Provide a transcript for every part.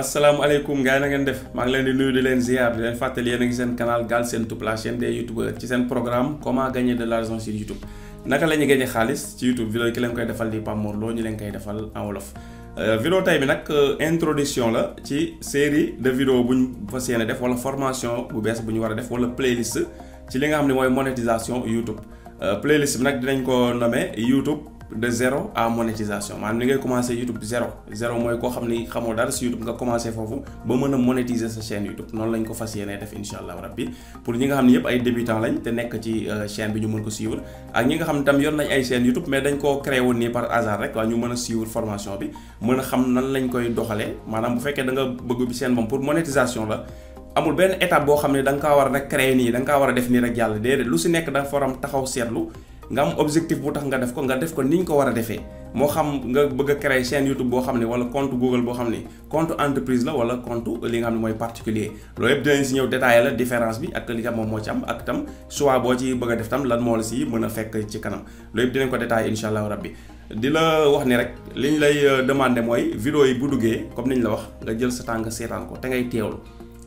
asalaamaaleykum gars yi na ngeen def maa ngi leen di nuyu di leen ziar di leen fàttali yéen a seen canal Galsen Tube la chaîne des youtubeurs ci seen programme comment gagner de l'argent sur YouTube naka la ñuy gagner xaalis ci YouTube vidéo ki leen koy defal di Pape Mor Lo ñu leen koy defal en wolof. Euh, vidéo tey bi nag euh, introduction la ci série de vidéo bu ñu fas yéene def wala formation bu bees bu ñu war a def wala playlist ci li nga xam ne mooy monétisation YouTube euh, playlist bi nag dinañ ko nommer YouTube. de zéro à monétisation maanaam ni ngay commencé YouTube zéro zéro mooy koo xam ni xamoo dara si YouTube nga commencé foofu ba mën a monétiser sa chaîne YouTube noonu lañ ko fas yéenee def incha allah rabbi pour ñi nga xam ne yëpp ay débutants lañ te nekk ci euh, chaîne bi ñu mën ko suivre ak ñi nga xam ne tam yor nañ ay chaîne YouTube mais dañ koo créé woon nii par hasard rek waaye ñu mën a suivre formation bi mën a xam nan lañ koy doxalee maanaam bu fekkee da nga bëgg moom pour monétisation la. amul benn étape boo xam ne da kaa war a nag nii da kaa a def nii rek yàlla déedéet lu si nekk da nga foram taxaw seetlu nga am objectif bu tax nga def ko nga def ko ni ñu ko war a defee moo xam nga bëgg a créer chaîne YouTube boo xam ne wala compte Google boo xam ne compte entreprise la wala compte li nga xam ne mooy particulier loolu yëpp dinañ si ñëw détaillé la différence bi ak li nga moom moo ci am ak tam choix boo ci bëgg a def tam lan moo la si mën a fekk ci kanam loolu yëpp dinañ ko détaillé incha allah rabbi di la wax ni rek li ñu lay euh, demande mooy vidéo yi bu duggee comme ni ñu la wax nga jël sa temps nga seetaan te ngay teewlu.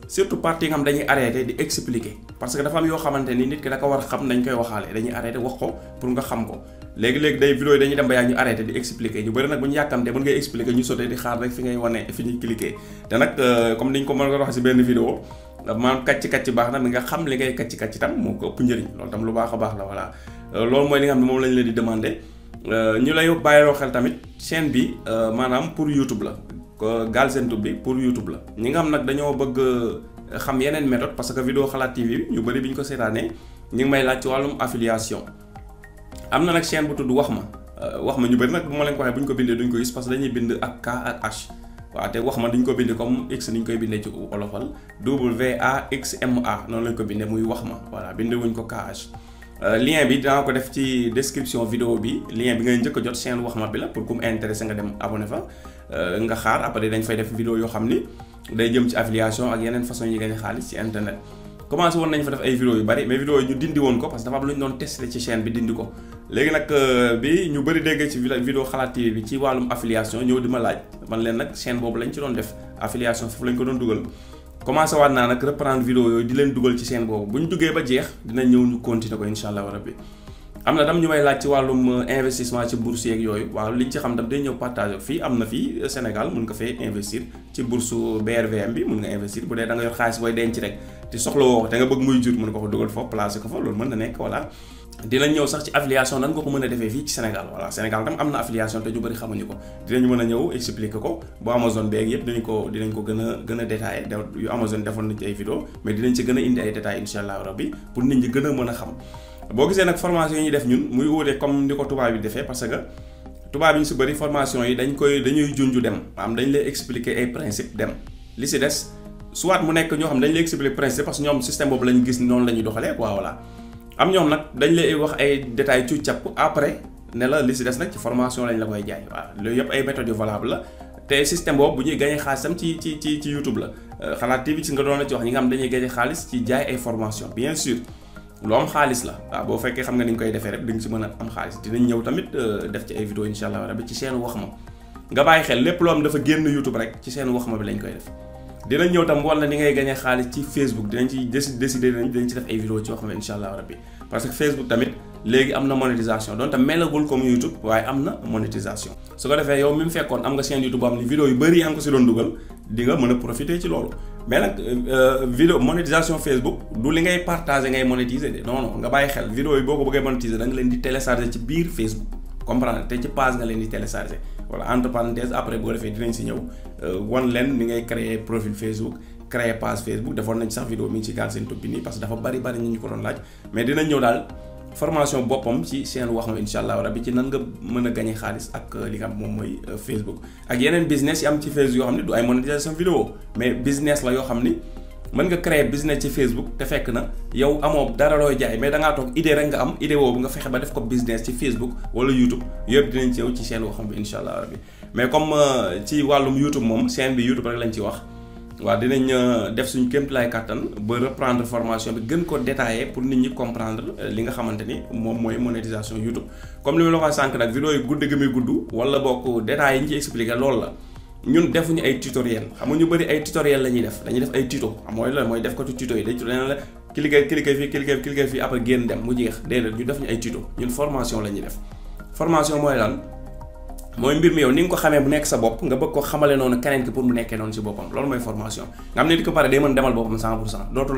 surtout parti yi nga xam dañuy arrêté di expliquer parce que dafa am yoo xamante ni nit ki da ko war a xam dañ koy waxaale dañuy arrêté wax ko pour nga xam ko léegi-léegi day vidéo yi dañuy dem ba yaa ñu arrêté di expliquer ñu bëri nag bu ñu yàkkamte mën ngay expliquer ñu sotee di xaar rek fi ngay wane fi ñuy cliquer te nag euh, comme niñ ko mën nga xam li ngay kàcc kàcc tam moo ko ëpp njëriñ loolu tam lu baax a baax la voilà euh, loolu mooy li nga xam ne moom lañ leen di demandé euh, ñu lay bàyyiloo xel tamit chaîne bi maanaam pour YouTube la Galsen Tube bi pour YouTube la ñi nga xam nag dañoo bëgg euh, xam yeneen méthode parce que vidéo xalaat TV ñu bëri bi ñu ko seetaanee ñu ngi may laaj ci wàllum affiliation am na nag chaîne bu tudd wax ma euh, wax ma ñu bëri nag bu ma leen ko waxee bu ñu ko bindee duñ ko gis parce que dañuy bind ak K ak H wax ma duñ ko bindee comme x ni ñu koy bindee ci olofal W A X M A noonu lañ ko bindee muy wax ma voilà bindee wuñ ko KH. Euh, lien bi dinaa ko def ci description vidéo bi lien bi ngay njëkk jot chaîne wax ma bi la pour ku mu intéressé nga dem abonné fa Euh, nga xaar après dañ fay def vidéo yoo xam ni day jëm ci affiliation ak yeneen façon yi gañ xaalis ci internet commencé woon nañ fa def ay vidéo yu bari mais vidéo yi ñu dindi woon ko parce que dafa am lu ñu doon testé ci chaîne bi dindi ko léegi nag euh, bi ñu bëri déggee ci vidéo xalaat TV bi ci wàllum affiliation ñëw di ma laaj man leen nag chaîne boobu lañ ci doon def affiliation foofu lañ ko doon dugal commencé waat naa nag reprendre vidéo yooyu di leen dugal ci chaîne boobu bu ñu duggee ba jeex dina ñëw ñu continuer ko incha allah rabbi am na dam ñu may laaj ci wàllum euh, investissement ci bourse yeeg yooyu waaw liñ ci xam tam day ñëw partage fii am na fii euh, Sénégal mun nga fee investir ci bourse BRVM bi mun nga investir bu dee da nga xaalis booy denc rek te soxla woo ko te nga bëgg muy jur mun nga ko dugal foofu placé ko fa loolu mën na nekk voilà dinañ ñëw sax ci affiliation nan nga ko mën a defee fii ci Sénégal voilà Sénégal tam am na affiliation te ñu bëri xamuñu ko dinañ mën a ñëw expliquer ko bu Amazon beeg yëpp dinañ ko dinañ ko gën a gën a détaillé yu Amazon defoon nañ ci ay vidéo gën a indi ay détails incha allah rabbi pour nit ñi gën a mën a xam boo gisee nag formation yi ñuy def ñun muy wóotee comme ni ko tubaab yi defee parce que tubaab yi ñu si bëri formation yi dañ koy dañuy junj dem am dañ lay expliquer ay principe dem li si des soit mu nekk ñoo xam ne dañ lay expliquer principe parce que ñoom système boobu lañu gis noonu la ñuy doxalee quoi voilà am ñoom nag dañ lay wax ay détails ci càpp après ne la li si des nag ci formation lañ la koy jaay waaw loolu ay méthodes yu valable la te système bu ñuy gañe xaalisam ci ci ci ci YouTube la euh, xalaat TV ci nga doon la ñi nga xam dañuy gañe xaalis ci jaay ay formation bien sûr lu am xaalis la waaw boo fekkee xam nga ni ñu koy defee rek di si mën a am xaalis dinañ ñëw tamit euh, def ci ay vidéo insha allah rabbi ci seen wax ma nga bàyyi xel lépp loo am dafa génn YouTube rek ci seen wax ma bi lañ koy def dinañ ñëw tam wala ni ngay gañee xaalis ci Facebook dinañ ci décider dinañ ci def ay vidéo ci wax ma insha allah rabbi parce que Facebook tamit léegi am na monétisation donte melagul comme YouTube waaye am na monétisation su ko defee yow mi mu fekkoon am nga chaîne YouTube boo xam ne yu bëri yaa ngi ko si doon dugal di mën a profiter ci loolu mais nag euh, euh, vidéo monétisation Facebook du li ngay partager ngay monétiser de non non nga bàyyi xel vidéo yi boo ko bëggee monétiser da nga leen di télécharger ci biir Facebook comprendre te ci page nga leen di télécharger voilà entre parenthèse defee dinañ si ñëw euh, wan leen ni ngay créer profil Facebook créé page Facebook defoon nañ sax vidéo mi ngi ci gaal seen tub bi nii parce que dafa bari bari ñu ñu ko doon laaj mais dinañ ñëw daal formation boppam ci seen waxam insha allah rabbi nan nga mën a gañe xaalis ak euh, li nga xam moom mooy euh, ak yeneen business yi am ci Facebook yoo du ay monétisation vidéo mais business la yoo xam ni mën nga créer business ci Facebook te fekk na yow amoo dara looy jaay mais da ngaa toog nga am idée nga fexe ba def ko business ci Facebook wala YouTube yëpp dinañ ci yow ci chaîne waxam bi incha allah mais comme euh, ci wàllum YouTube moom seen bi YouTube rek lañ ci wax. waaw dinañ euh, def suñu kéemtulaay kàttan ba reprendre formation bi gën ko détaillé pour nit ñi comprendre euh, li nga xamante ni moom mooy monétisation YouTube comme li ma la waxee sànq nag vidéo yi gudd gi muy gudd wala bokk détails yi ñu ci expliqué loolu la ñun defuñu ay tutoriel xam nga ñu bëri ay tutoriel la ñuy def dañu def ay tuto mooy la mooy def ko ci tuto yi dañu dañ la cliquer cliquer fii cliquer cliquer fii après génn dem mu jeex déedéet ñu def ñu ay tuto ñun formation lañuy def formation mooy lan mooy mbir mi yow ni nga ko xamee bu nekk sa bopp nga bëgg ko xamale noonu keneen ki pour mu nekkee noonu si boppam loolu mooy formation nga xam ne di ko pare day mën demal boppam 100 pour cent dootu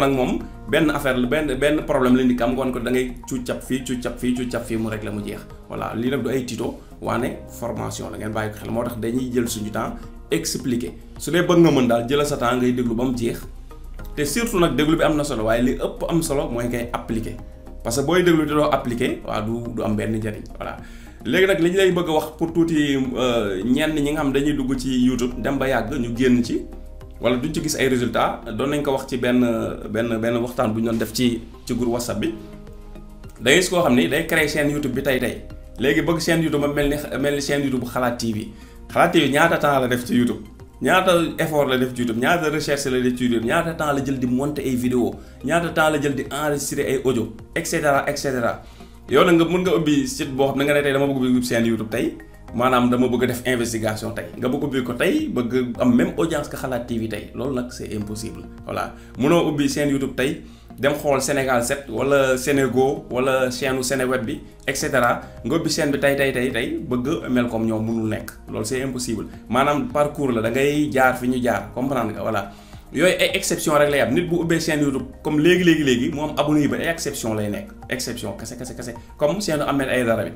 la moom benn affaire la benn benn problème la nit ki am ngoon ko da ngay cuucab fii cuucab fii mu rek la mu jeex voilà lii nag du ay Tito waane formation la ngeen bàyyi ko xel moo tax dañuy jël suñu temps expliquer su dee bëgg nga mën daal jëla sa temps ngay déglu ba mu jeex te surtout nag déglu bi am na solo waaye li ëpp am solo mooy ngay appliquer parce que booy déglu te doo appliqué waaw du du am benn njariñ voilà léegi nag li ñu lay bëgg a wax pour tuuti euh, ñenn ñi nga xam dañuy dugg ci YouTube dem ba yàgg ñu génn ci wala duñ ci gis ay résultat doon nañ ko wax ci benn benn benn waxtaan bu ñu doon def ci ci groupe WhatsApp bi da gis koo xam ni day créer chaîne YouTube bi tey tey léegi bëgg chaîne YouTube ba mel ni mel ni chaîne YouTube bu xalaat TV xalaat TV ñaata temps la def ci YouTube. ñaata effort la def ci YouTube ñaata recherche la def YouTube ñaata temps la jël di monter ay vidéo ñaata temps la jël di enregistrer ay audio et cetera et cetera yow nag nga mën nga ubbi site boo xam ne nga ne tey dama bëgg ubbi seen YouTube tey maanaam dama bëgg def investigation tey nga bëgg ubbi ko tey bëgg am même audience que Xalaat TV tey loolu nag c'est impossible voilà mënoo ubbi seen YouTube tey. dem xool Sénégal set wala Sénégo wala chaîne Sénéweb bi et cetera nga ubbi chaîne bi tey tey tey bëgg mel comme ñoom mënul nekk loolu c'est impossible maanaam parcours la da ngay jaar fi ñu jaar comprendre nga voilà. yooyu ay exception rek lay am nit bu ubbee chaîne YouTube comme léegi léegi léegi moom abonné yi ba ay exception lay nekk exception kese kese kese comme chaîne Ahmed Aïdara bi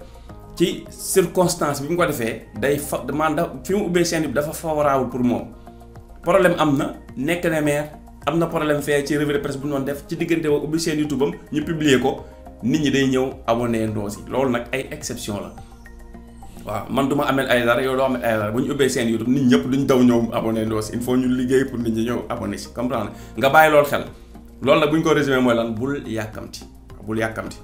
ci circonstance bi mu ko defee day fa man da fi mu ubbee chaîne bi dafa favorable pour moom problème am na nekk na maire. am na problème fee ci revue de presse bu noonu def ci diggante ba ubbi seen youtube am ñu publier ko nit ñi day ñëw abonné ndoosi loolu nag ay exception la waa man du ma amel ay dara yow doo amel ay dara bu ñu ubbee seen youtube nit ñëpp ñu daw ñëw abonné ndoosi il faut ñu liggéey pour nit ñi ñëw abonné si comprendre nga bàyyi lool xel loolu nag bu ñu ko résumé mooy lan bul yàkkamti bul yàkkamti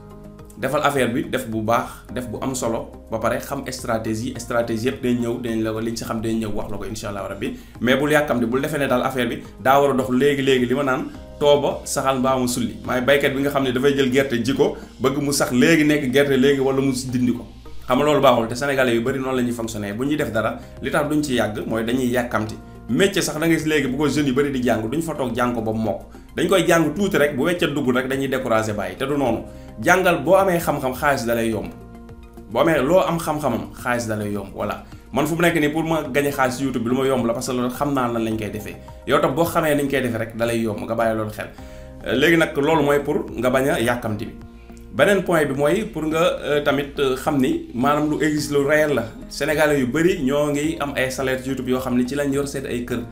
defal affaire bi def bu baax def bu am solo ba pare xam stratégie stratégie yëpp day ñëw dañ la ko li si xam day ñëw wax la ko incha allah rabbi mais bul yàkkamti bul defee ne daal affaire bi daawara dox léegi léegi li ma naan tooba saxal mbaa mu sulli maay baykat bi nga xam ne dafay jël gerte ji ko bëgg mu sax léegi nekk gerte léegi wala mu dindi ko xam nga loolu baaxul te sénégalais yu bëri noonu la ñuy fonctionné bu ñuy def dara li tax duñ ci yàgg mooy dañuy yàkkamti métier sax da ngay léegi bu ko jeunes yu bëri di jàng duñ fa toog jàng ko ba mokk koy jàng tuuti rek bu wecca dugg rek dañuy découragé bàyyi te du jàngal boo amee xam-xam xaalis dalay yomb boo amee loo am xam-xamam xaalis dalay yomb voilà man fu mu nekk nii pour ma gañe xaalis si YouTube bi lu ma yomb la parce que loolu xam naa lan lañ koy defee yow tam boo xamee lañ koy defee rek dalay yomb nga bàyyi loolu xel euh, léegi nag loolu mooy pour nga bañ a yàkkamti bi beneen point bi mooy pour nga euh, tamit euh, xam ni maanaam lu existe lu réel la sénégalais yu bëri ñoo ngi am ay salaire ci YouTube yoo xam ni ci lañ yor seen ay kër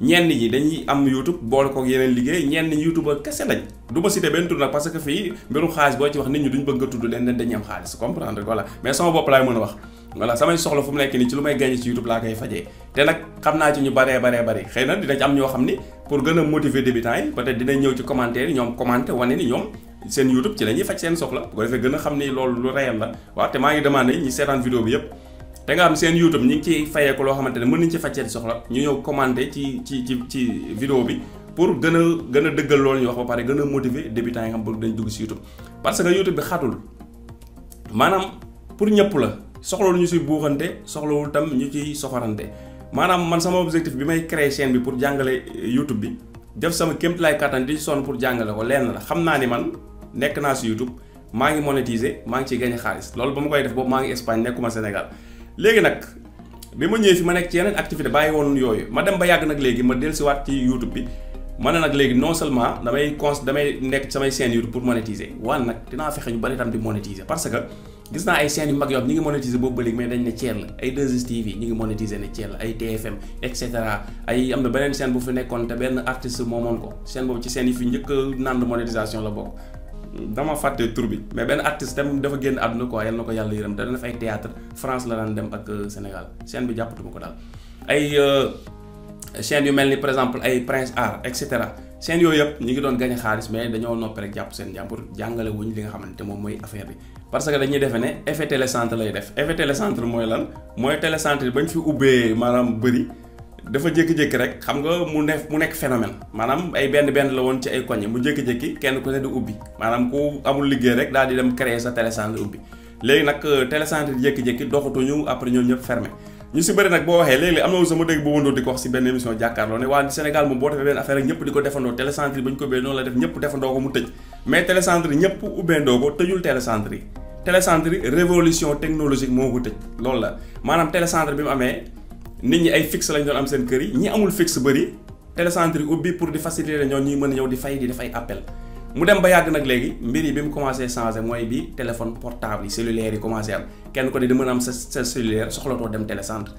ñenn ñi dañuy am youtube boole ko yeneen liggéey ñenn ñi youtube kese lañ du ma benn tur nag parce que fii mbirum xaalis boo ci wax nit ñi duñ bëgg nga tudd leen dañuy am xaalis comprendre voilà mais sama bopp laay mën a wax voilà samay soxla fu mu nekk nii ci lu may gagné ci youtube laa koy fajee te nag xam naa ci ñu bare baree bari xëy na dina ci am ñoo xam ni pour gën a motiver débutants yi peut-être dinañ ñëw ci commentaire ñoom commenté wane ni ñoom seen youtube ci la ñuy faj seen soxla bu ko defee loolu lu réel la waaw te maa ngi demandé ñi yëpp te nga am seen YouTube ñu ngi ciy fayeeku loo xamante ne mën nañu ci faj seen soxla ñu ñëw commenté ci ci ci ci vidéo bi pour gën a gën a dëggal loolu ñu wax ba pare gën a motiver débutants yi nga xam bëgg dañ dugg si que YouTube bi xatul maanaam pour ñëpp la soxlawul ñu si buuxante soxlawul tam ñu ciy soxorante maanaam man sama objectif bi may créer chaîne bi pour jàngale euh, YouTube bi def sama kéemtalaay kattan di sonn pour jàngale ko lenn xam naa ni man nekk naa si YouTube maa ngi monétiser maa ngi ciy gagné xaalis loolu ba ma koy def boobu maa ngi Espagne nekkuma Sénégal léegi nag bi ma ñëwee fi ma nekk ci yeneen activité bàyyi woon yooyu ma dem ba yàgg nag léegi ma dellusiwaat ci YouTube bi ma na nag léegi non seulement damay cons damay nekk samay chaîne YouTube pour monétiser waaye nag dinaa fexe ñu bari tam di monétiser parce que gis naa ay chaîne yu mag yoo xam ñi ngi monétiser boobu ba mais dañ ne Thiel la ay 2STV ñi ngi monétiser ne Thiel la ay TFM et cetera ay am na beneen chaîne bu fi nekkoon te benn artiste moomoon ko chaîne ci chaîne fi njëkk naan monétisation la bokk dama fàtte tur bi mais benn artiste tam dafa génn àdduna quoi yal na ko yàlla yërëm da def ay théâtre France la daan dem ak euh, Sénégal chaîne bi jàppatuma ko daal ay euh, chaîne yu mel ni par exemple ay Prince Art et cetera chaîne yooyu yëpp ñu ngi doon gañ xaalis mais dañoo noppi rek jàpp seen jàmbur jàngale wuñ li nga xamante moom mooy affaire bi parce que dañuy defe ne effet télécentre lay def effet télécentre mooy lan mooy télécentre bañ fi ubbee maanaam bëri dafa jékki-jékki rek xam nga mu ne mu nekk phénomène maanaam ay benn benn la woon ci ay koñe mu jékki-jékki kenn ku ne di ubbi maanaam ku amul liggéey rek daal di dem créer sa télécentre ubbi léegi nag euh, télécentre jékki-jékki doxatuñu après ñoom ñëpp fermé ñu si bëri nag boo waxee léeg-léeg am na sama dégg bu wëndoo di ko wax si benn émission jàkkaarloo ne waa Sénégal moom boo defee benn affaire rek ñëpp di ko defandoo télécentre yi ba ñu ko bee noonu la def révolution technologique moo ko tëj loolu la maanaam télécentre bi amee nit ñi ay fixe lañ doon am seen kër yi ñi amul fixe bëri télécentre yi ubbi pour di faciliter ñoo ñuy mën a ñëw di fay di def ay appel mu dem ba yàgg nag léegi mbir yi bi mu commencé changé mooy bi téléphone portable yi cellulaire yi commencé am kenn ko ne di mën a am sa sa cellulaire soxlatoo dem télécentre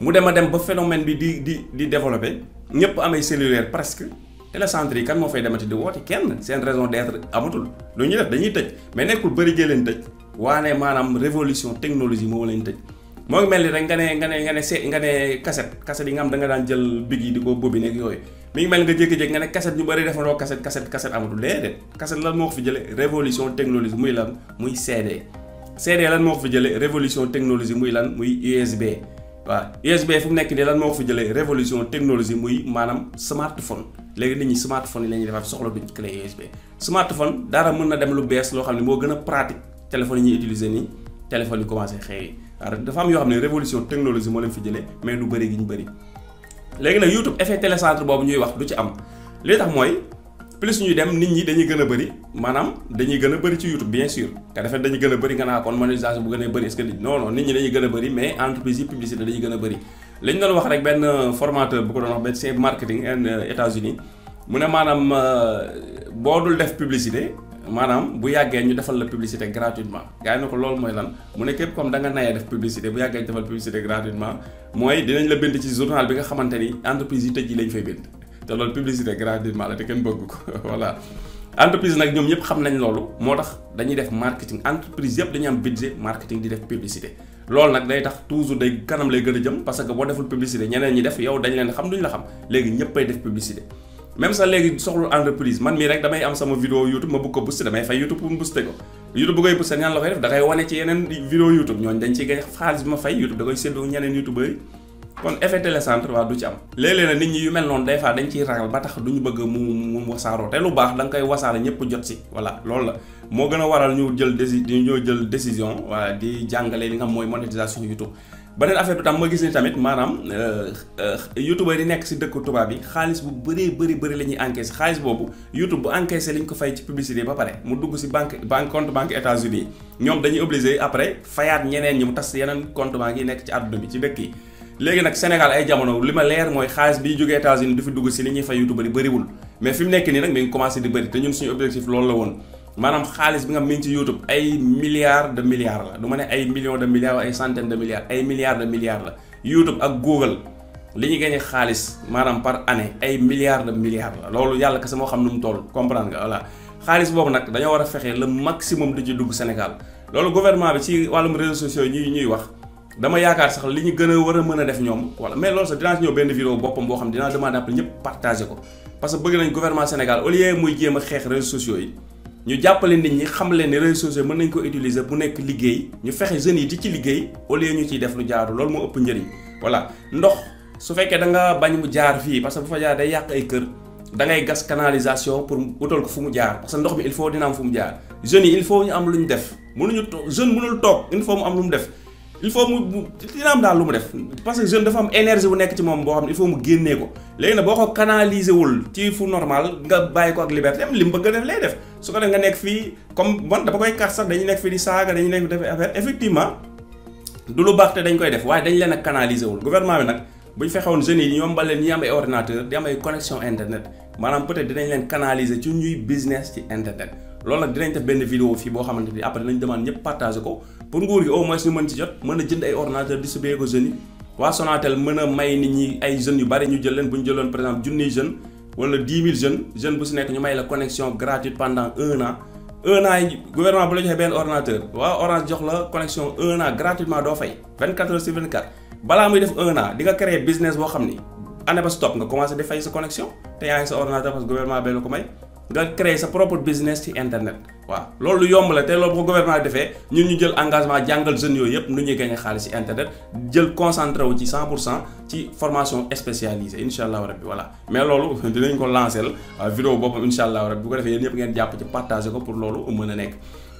mu dem a dem ba phénomène bi di di di développé ñëpp amay cellulaire presque télécentre yi kan moo fay demati di woote kenn seen raison d'être amatul lu ñuy def dañuy tëj nekkul bëri jëleen tëj waane maanaam révolution technologie moo leen tëj moo ngi mel ni rek nga ne nga ne nga ne seet nga ne kaset kaset yi nga xam danga daan jël big yi di ko bobi nekk yooyu mi mel nga jékki-jékki nga ne kaset ñu bëri defandoo kaset kaset kaset amatul déedéet kaset lan moo ko fi jëlee révolution muy lan muy CD CD lan moo ko fi jëlee révolution technologie muy lan muy USB waaw USB fu mu nekk nii lan moo ko fi jëlee révolution technologie muy maanaam smartphone léegi nit ñi smartphone yi la ñuy defar soxla du clé USB smartphone dara mën na dem lu bees loo xam ne moo gën a pratique téléphone yi ñuy nii téléphone commencé xëy waaw dafa am yoo xam ne révolution technologie moo leen fi jëlee mais du bëri gi ñu bëri léegi nag YouTube effet télécentre boobu ñuy wax du ci am li tax mooy plus ñuy dem nit ñi dañuy gën a bëri maanaam dañuy gën a bëri ci YouTube bien sûr te defee dañuy gën a bëri nga naa kon monétisation bu gën a bëri est-ce que non nit ñi dañuy gën a bëri mais entreprise yi publicité dañuy gën a bëri lañ ñu doon wax rek benn euh, formateur bu ko doon wax benn chef marketing en euh, États-Unis mu ne maanaam euh, boo dul def publicité maanaam bu yàggee ñu defal la publicité gratuitement gars yi ko loolu mooy lan mu ne képp comme da nga nayee def publicité bu yàggee ñu defal publicité gratuitement mooy dinañ la bind ci journal bi nga xamante ni entreprise yi tëj yi lañ fee bind te loolu publicité gratuitement la te kenn bëgg ko voilà entreprise nag ñoom ñëpp xam nañ loolu moo tax dañuy def marketing entreprise yëpp dañuy am budget marketing di def publicité loolu nag day tax toujours day kanam lay que boo deful publicité ñeneen ñi def yow dañ leen xam duñ la xam léegi ñëppay def publicité même sa léegi soxlu entreprise man mii rek damay am sama vidéo YouTube ma bëgg ko booster damay fay YouTube pour mu booster ko YouTube bu koy booster ñaan la koy def da koy wane ci yeneen vidéo YouTube ñooñu dañ ciy gañ xaalis bi ma fay YouTube da koy séddoo ñeneen youtubeur yi kon effet télécentre waaw du ci am léeg-léeg nag nit ñi yu mel noonu des fois dañ ciy ragal ba tax duñu bëgg mu mu wasaaroo te lu baax danga nga koy wasaare ñëpp jot si voilà loolu la moo gën a waral ñu jël dési ñoo jël décision voilà di jàngale li nga xam mooy monétisation YouTube beneen affaire bi tam ma gis ni tamit maanaam euh, euh, youtube yi nekk si dëkk tubaab yi xaalis bu bari bari bëri la ñuy encaissé xaalis boobu youtube bu encaissé li ñu ko fay ci publicité ba pare mu dugg si banque banque compte banque États-Unis ñoom dañuy obligé après fayaat ñeneen ñi mu tas yeneen compte banque yi nekk ci àdduna bi ci dëkk yi léegi nag Sénégal ay jamono li ma leer mooy xaalis biy jógee États-Unis du fi dugg si li ñuy fay youtube yi bëriwul mais fi mu nii commencé di bëri te ñun suñu objectif loolu maanaam xaalis bi nga min ci YouTube ay milliards de milliards la du ma ne ay millions de milliards ay centaines de milliards ay milliards de milliards la YouTube ak Google li ñu gagné xaalis maanaam par anne ay milliards de milliards la loolu yàlla kese moo xam nu mu toll comprendre nga voilà xaalis boobu nag dañoo war a fexe le maximum di ci dugg Sénégal loolu gouvernement bi ci wàllum réseaux sociaux ñuy ñuy wax dama yaakaar sax li ñu gën a war a mën a def ñoom wala mais loolu sax dinaa ci ñëw benn vidéo boppam boo xam dinaa demander après ñëpp partager ko a xeex réseaux sociaux ñu jàppale nit ñi xam leen ne réseaux sociaux mën nañ ko utiliser bu nekk liggéey ñu fexe jeunes yi di ci liggéey au lieu ñu ciy def lu jaar loolu moo ëpp njëriñ voilà ndox su fekkee da nga bañ mu jaar fii parce que bu fa jaar day yàq ay kër dangay gas canalisation pour wutal ko fu mu jaar parce ndox mi il faut dina am fu mu jaar jeunes yi il faut ñu am lu ñu def mënuñu toog jeune mënul toog il faut mu am lu mu def il faut mu mu dina am daal lu mu def parce que jeune dafa am énergie bu nekk ci moom boo xam ne il faut mu génnee ko léegi nag boo ko canaliser wul ci fu normal nga bàyyi ko ak liberté am li mu bëgg a def lay def su ko def nga nekk fii comme man dafa koy kar sax dañu nekk fi di saaga dañu nekk def affaire effectivement du lu baax te dañ koy def waaye dañ leen a canaliser wul gouvernement bi nag bu ñu fexewoon jeunes yi ñoom baleen ñi am ordinateur di ay connexion internet maanaam peut-être leen canaliser ci ñuy business ci internet loolu dinañ benn vidéo fii boo xamante ni après dinañ demande ñëpp partager ko pour nguur gi au moins ñu mën ci jot mën a jënd ay ordinateur distribué ko jeunes yi waa Sonatel mën a may nit ñi ay jeunes yu bari ñu jël leen bu ñu jëloon par exemple junniy jeunes wala dix mille jeunes jeune bu si nekk ñu may la connexion gratuite pendant un an un an yi gouvernement bu la joxee benn ordinateur waa Orange jox la connexion un an gratuitement doo fay 24 heures sur 24 balaa muy def un an di nga créer business xam ni année ba sa connexion te yaa ngi sa ordinateur nga créer sa propre business ci internet waaw loolu yomb la te loolu bu ko gouvernement defee ñu ñu jël engagement jàngal jeunes yooyu yëpp nu ñu gagné xaalis ci internet jël concentré wu ci 100 pour cent ci formation spécialisée incha allahu rabbi voilà mais loolu dinañ ko lancer la vidéo boppam incha allahu rabbi bu ko defee yéen ñëpp ngeen jàpp ci partager ko pour loolu mën a nekk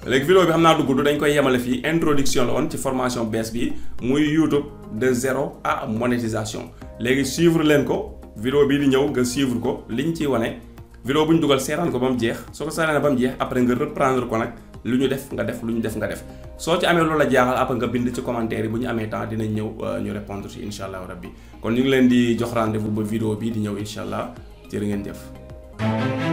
léegi vidéo bi xam naa dugg du dañ koy yemale fii introduction la woon ci formation bees bi muy YouTube de zéro a monétisation léegi suivre leen ko vidéo bii di ñëw nga suivre ko liñ ci wane vidéo bu ñu dugal seetaan ko ba mu jeex soo ko seetaanee ba mu jeex après nga reprendre ko nag lu ñu def nga def lu ñu def nga def soo ci amee loolu la jaaxal après nga bind ci commentaire bu ñu amee temps dinañ ñëw euh, ñu répondre ci incha allah rabbi kon ñu leen di jox rendez-vous ba vidéo bi di ñëw incha allah jërë ngeen jëf